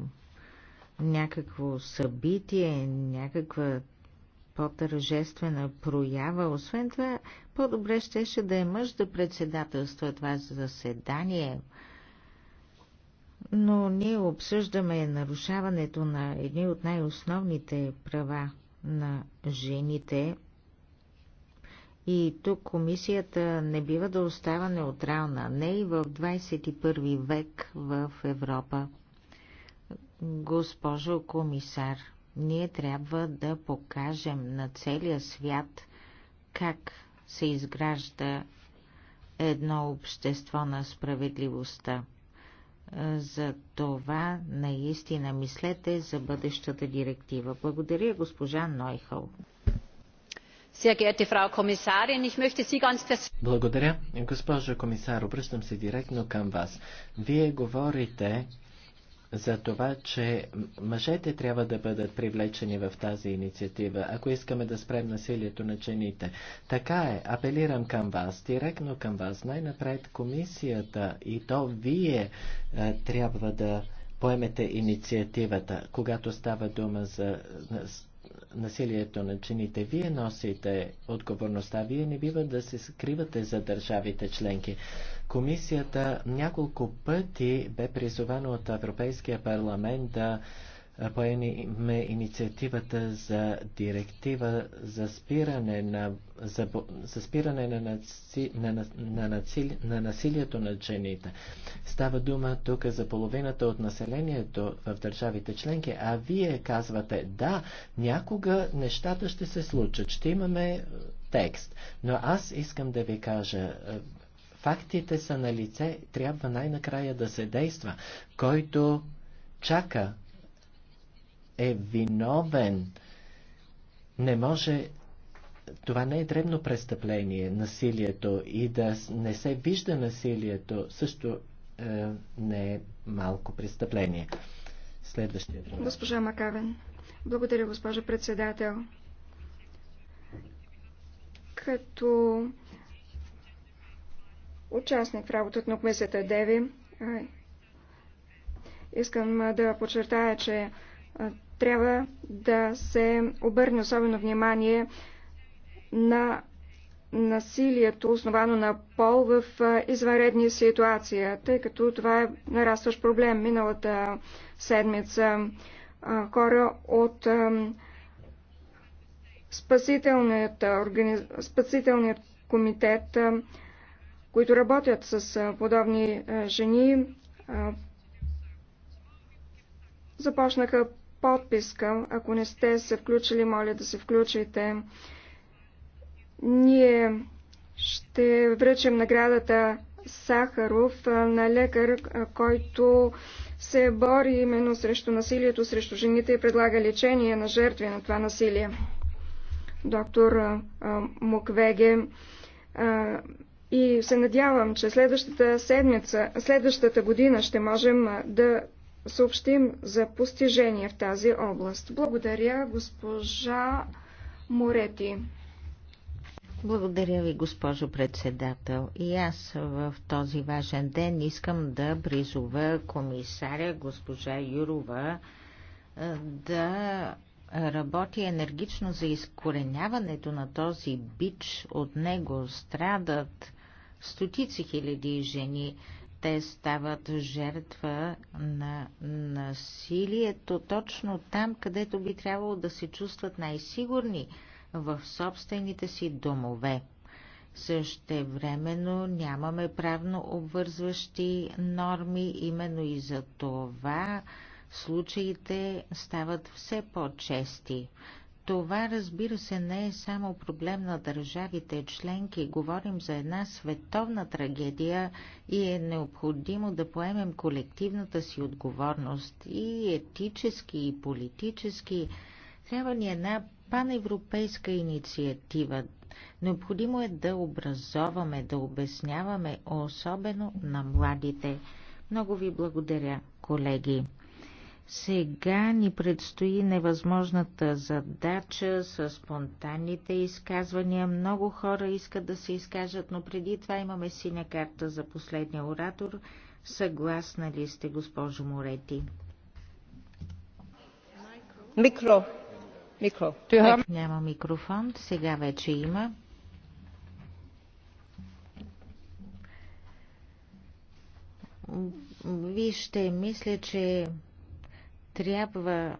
някакво събитие, някаква по-тържествена проява. Освен това, по-добре щеше да е мъж да председателства това заседание. Но ние обсъждаме нарушаването на едни от най-основните права на жените. И тук комисията не бива да остава неутрална, не и в 21 век в Европа. Госпожо комисар, ние трябва да покажем на целия свят как се изгражда едно общество на справедливостта. За това наистина мислете за бъдещата директива. Благодаря, госпожа Нойхъл. Благодаря. Госпожо комисар, обръщам се директно към вас. Вие говорите за това, че мъжете трябва да бъдат привлечени в тази инициатива, ако искаме да спрем насилието на жените. Така е, апелирам към вас, директно към вас, най-напред комисията и то вие е, трябва да поемете инициативата, когато става дума за насилието на чините. Вие носите отговорността, вие не бива да се скривате за държавите членки. Комисията няколко пъти бе призована от Европейския парламент да поемеме инициативата за директива за спиране на, за, за спиране на, наци, на, на, на, насили, на насилието на жените. Става дума тук за половината от населението в държавите членки, а вие казвате да, някога нещата ще се случат, ще имаме е, текст. Но аз искам да ви кажа, е, фактите са на лице, трябва най-накрая да се действа. Който чака е виновен. Не може това не е дребно престъпление, насилието и да не се вижда насилието също е, не е малко престъпление. Следващия въпрос. Госпожа Макавен. Благодаря, госпожа председател. Като участник в работата на комисията Деви, е, искам да подчертая, че трябва да се обърне особено внимание на насилието, основано на пол в извънредни ситуации, тъй като това е нарастващ проблем. Миналата седмица хора от спасителният, органи... спасителният комитет, които работят с подобни жени, започнаха подписка. Ако не сте се включили, моля да се включите. Ние ще връчим наградата Сахаров на лекар, който се бори именно срещу насилието срещу жените и предлага лечение на жертви на това насилие. Доктор Муквеге и се надявам, че следващата седмица, следващата година ще можем да съобщим за постижение в тази област. Благодаря, госпожа Морети. Благодаря ви, госпожо председател. И аз в този важен ден искам да призова комисаря госпожа Юрова е, да работи енергично за изкореняването на този бич. От него страдат стотици хиляди жени те стават жертва на насилието точно там, където би трябвало да се чувстват най-сигурни в собствените си домове. Същевременно нямаме правно обвързващи норми, именно и за това случаите стават все по-чести. Това, разбира се, не е само проблем на държавите членки. Говорим за една световна трагедия и е необходимо да поемем колективната си отговорност и етически, и политически. Трябва ни една паневропейска инициатива. Необходимо е да образоваме, да обясняваме, особено на младите. Много ви благодаря, колеги. Сега ни предстои невъзможната задача с спонтанните изказвания. Много хора искат да се изкажат, но преди това имаме синя карта за последния оратор. Съгласна ли сте, госпожо Морети? Микро. Микро. Няма микрофон. Сега вече има. Вижте, мисля, че трябва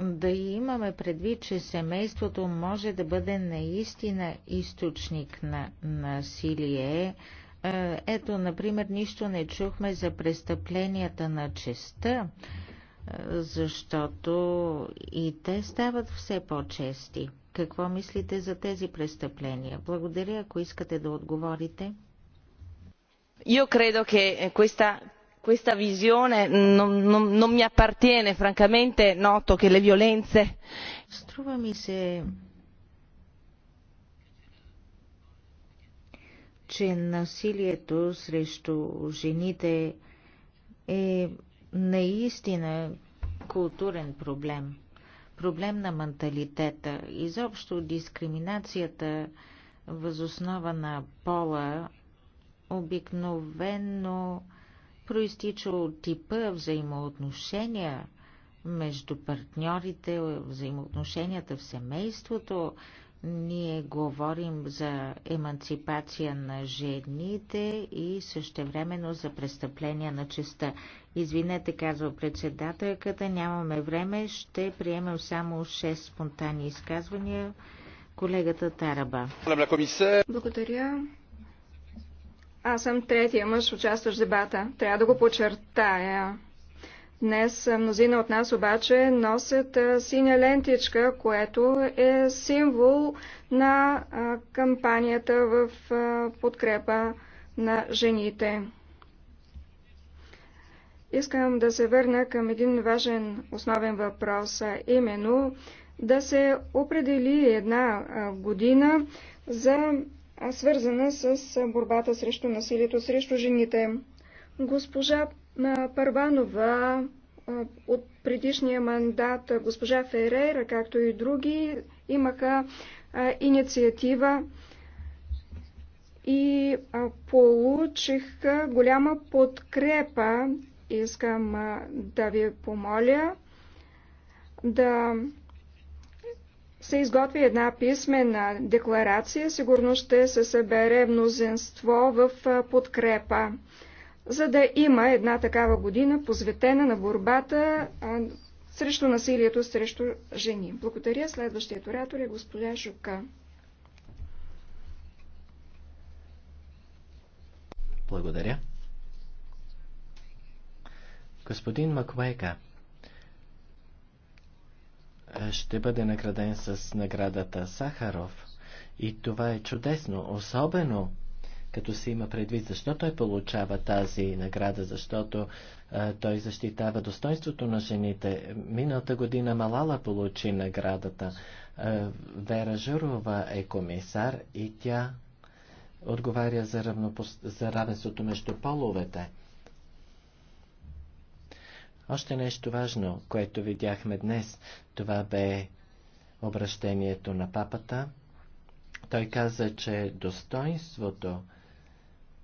да имаме предвид, че семейството може да бъде наистина източник на насилие. Е, ето, например, нищо не чухме за престъпленията на честа, е, защото и те стават все по-чести. Какво мислите за тези престъпления? Благодаря, ако искате да отговорите. Io credo che questa questa visione non mi appartiene francamente noto che le violenze. струва ми се че насилието срещу жените е наистина културен проблем. Проблем на менталитета. Изобщо дискриминацията възоснова на пола обикновенно проистича от типа взаимоотношения между партньорите, взаимоотношенията в семейството. Ние говорим за еманципация на жените и същевременно за престъпления на честа. Извинете, казва председателката, нямаме време, ще приемем само 6 спонтанни изказвания. Колегата Тараба. Благодаря. Аз съм третия мъж, участващ в дебата. Трябва да го подчертая. Днес мнозина от нас обаче носят синя лентичка, което е символ на кампанията в подкрепа на жените. Искам да се върна към един важен основен въпрос, а именно да се определи една година за свързана с борбата срещу насилието срещу жените. Госпожа Парванова от предишния мандат, госпожа Ферейра, както и други, имаха инициатива и получиха голяма подкрепа. Искам да ви помоля да се изготви една писмена декларация, сигурно ще се събере мнозинство в подкрепа, за да има една такава година посветена на борбата срещу насилието срещу жени. Благодаря. Следващият оратор е госпожа Жука. Благодаря. Господин Маквайка, ще бъде награден с наградата Сахаров. И това е чудесно, особено като се има предвид защо той получава тази награда, защото а, той защитава достоинството на жените. Миналата година Малала получи наградата. А, Вера Журова е комисар и тя отговаря за, равнопос... за равенството между половете. Още нещо важно, което видяхме днес, това бе обращението на папата. Той каза, че достоинството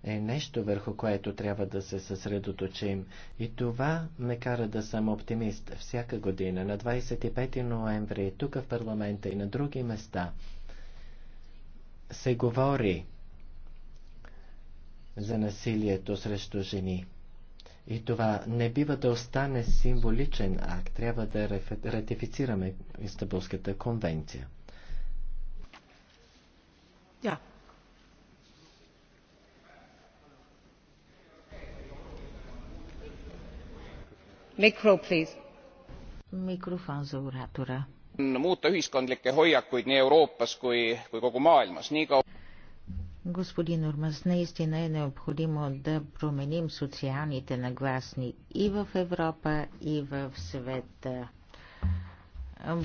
е нещо върху което трябва да се съсредоточим. И това ме кара да съм оптимист. Всяка година, на 25 ноември, тук в парламента и на други места, се говори за насилието срещу жени. И това не бива да остане символичен акт. Трябва да ратифицираме Истанбулската конвенция. Yeah. Micro, Микрофон за оратора. muuta ühiskondlikke hoiakuid nii Euroopas kui, kui kogu maailmas. Nii kaua... Господин Ормас, наистина е необходимо да променим социалните нагласни и в Европа, и в света.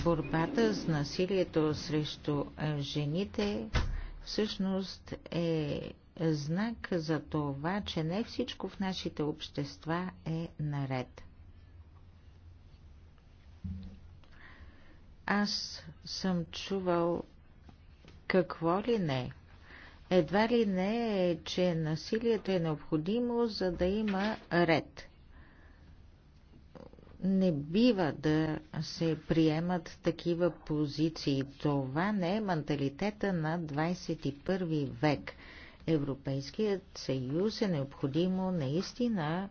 Борбата с насилието срещу жените всъщност е знак за това, че не всичко в нашите общества е наред. Аз съм чувал какво ли не – едва ли не е, че насилието е необходимо, за да има ред. Не бива да се приемат такива позиции. Това не е менталитета на 21 век. Европейският съюз е необходимо наистина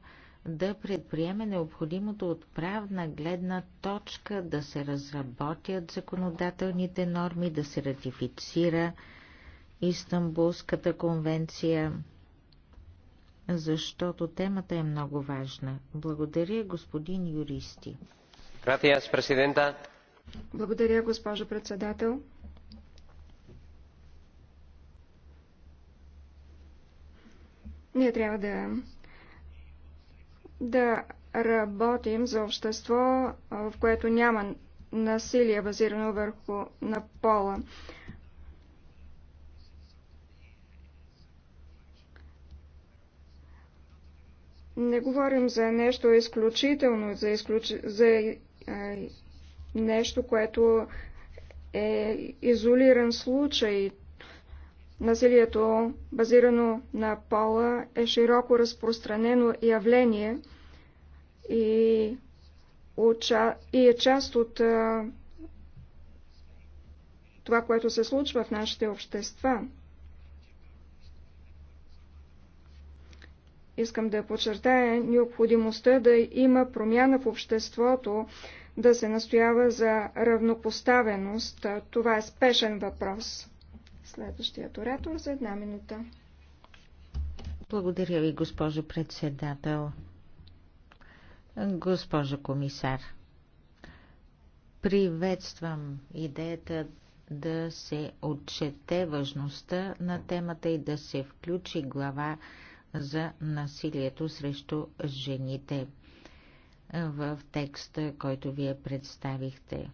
да предприеме необходимото от правна гледна точка да се разработят законодателните норми, да се ратифицира Истанбулската конвенция, защото темата е много важна. Благодаря, господин юристи. Gracias, Благодаря, госпожо председател. Ние трябва да, да работим за общество, в което няма насилие базирано върху на пола. Не говорим за нещо изключително, за, изключ... за а, нещо, което е изолиран случай. Насилието, базирано на пола, е широко разпространено явление и, уча... и е част от а... това, което се случва в нашите общества. Искам да подчертая необходимостта да има промяна в обществото, да се настоява за равнопоставеност. Това е спешен въпрос. Следващият оратор за една минута. Благодаря ви, госпожо председател. Госпожо комисар, приветствам идеята да се отчете важността на темата и да се включи глава за насилието срещу жените в текста, който вие представихте.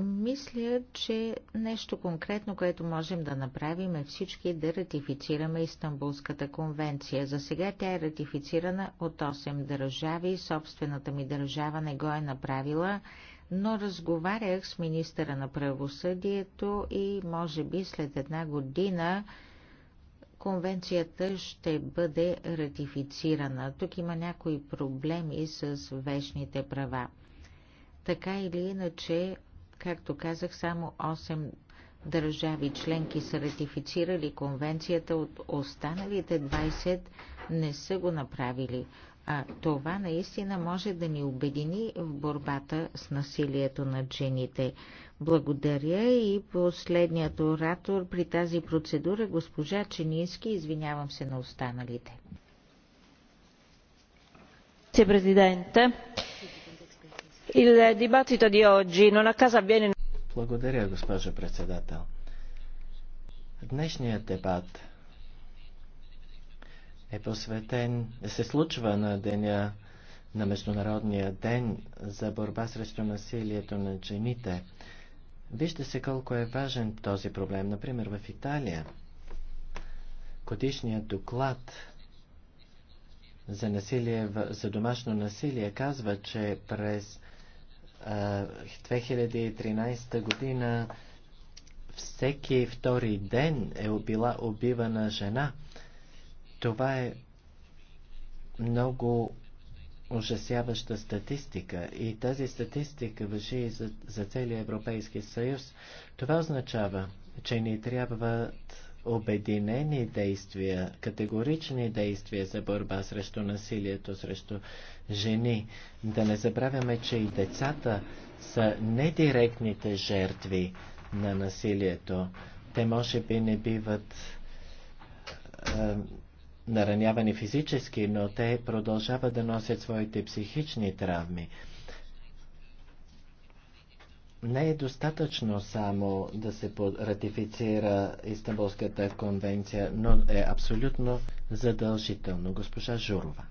Мисля, че нещо конкретно, което можем да направим е всички да ратифицираме Истанбулската конвенция. За сега тя е ратифицирана от 8 държави, собствената ми държава не го е направила, но разговарях с министъра на правосъдието и може би след една година Конвенцията ще бъде ратифицирана. Тук има някои проблеми с вечните права. Така или иначе, както казах, само 8 държави членки са ратифицирали конвенцията, от останалите 20 не са го направили. А това наистина може да ни обедини в борбата с насилието над жените. Благодаря и последният оратор при тази процедура, госпожа Ченински, извинявам се на останалите. Благодаря, госпожа председател. Днешният дебат е посветен, се случва на деня на Международния ден за борба срещу насилието на жените. Вижте се колко е важен този проблем. Например, в Италия годишният доклад за, насилие, за домашно насилие казва, че през 2013 година всеки втори ден е била убивана жена – това е много ужасяваща статистика и тази статистика въжи и за, за целия Европейски съюз. Това означава, че ни трябват обединени действия, категорични действия за борба срещу насилието, срещу жени. Да не забравяме, че и децата са недиректните жертви на насилието. Те може би не биват наранявани физически, но те продължават да носят своите психични травми. Не е достатъчно само да се ратифицира Истанбулската конвенция, но е абсолютно задължително. Госпожа Журова.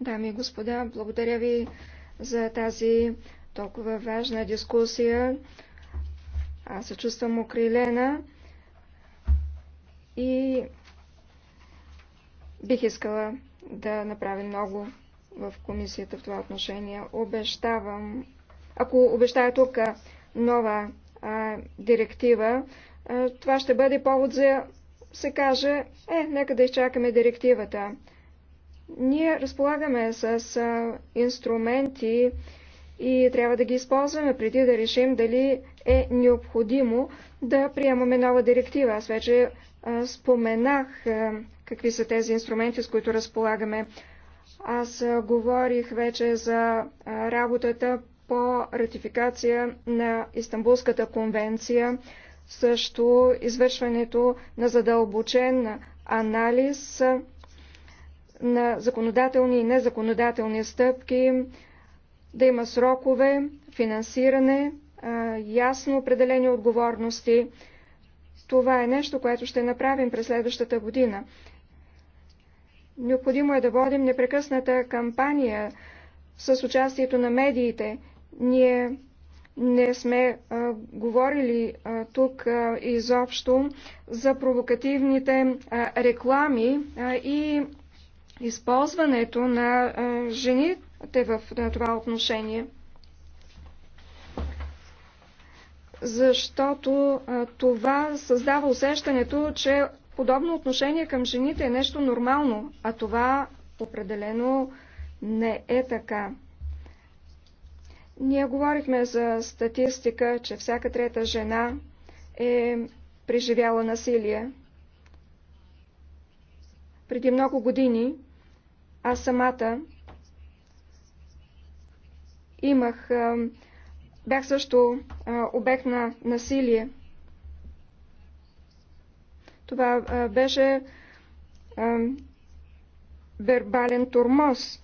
Дами и господа, благодаря ви за тази толкова важна дискусия. Аз се чувствам окрилена и Бих искала да направя много в комисията в това отношение. Обещавам, ако обещая тук нова а, директива, а, това ще бъде повод за се каже, е, нека да изчакаме директивата. Ние разполагаме с а, инструменти и трябва да ги използваме преди да решим дали е необходимо да приемаме нова директива. Аз вече а, споменах а, какви са тези инструменти, с които разполагаме. Аз говорих вече за работата по ратификация на Истанбулската конвенция, също извършването на задълбочен анализ на законодателни и незаконодателни стъпки, да има срокове, финансиране, ясно определени отговорности. Това е нещо, което ще направим през следващата година. Необходимо е да водим непрекъсната кампания с участието на медиите. Ние не сме а, говорили а, тук а, изобщо за провокативните а, реклами а, и използването на а, жените в на това отношение. Защото а, това създава усещането, че подобно отношение към жените е нещо нормално, а това определено не е така. Ние говорихме за статистика, че всяка трета жена е преживяла насилие. Преди много години аз самата имах, бях също обект на насилие. Това беше вербален турмоз.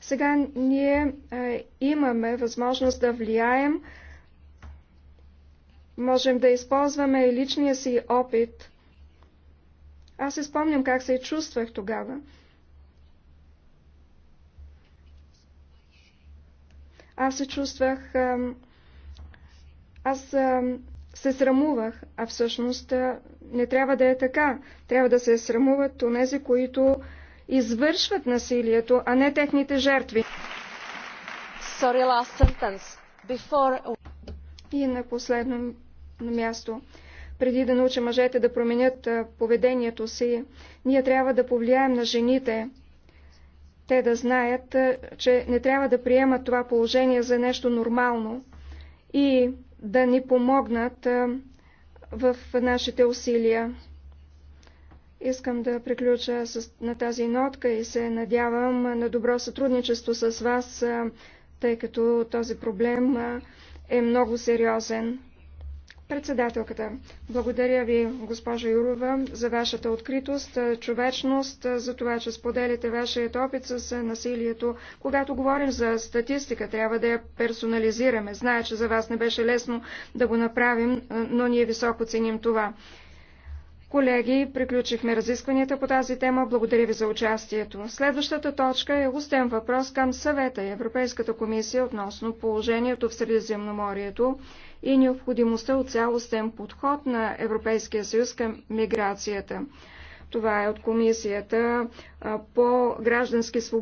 Сега ние имаме възможност да влияем, можем да използваме и личния си опит. Аз спомням как се чувствах тогава. Аз се чувствах... Аз се срамувах, а всъщност не трябва да е така. Трябва да се срамуват онези, които извършват насилието, а не техните жертви. Sorry, last sentence. Before... И на последно място, преди да науча мъжете да променят поведението си, ние трябва да повлияем на жените, те да знаят, е, че не трябва да приемат това положение за нещо нормално и да ни помогнат е, в нашите усилия. Искам да приключа с, на тази нотка и се надявам на добро сътрудничество с вас, е, тъй като този проблем е много сериозен. Председателката, благодаря ви, госпожа Юрова, за вашата откритост, човечност, за това, че споделяте вашият опит с насилието. Когато говорим за статистика, трябва да я персонализираме. Зная, че за вас не беше лесно да го направим, но ние високо ценим това. Колеги, приключихме разискванията по тази тема. Благодаря ви за участието. Следващата точка е устен въпрос към съвета и Европейската комисия относно положението в Средиземноморието и необходимостта от цялостен подход на Европейския съюз към миграцията. Това е от Комисията по граждански свободи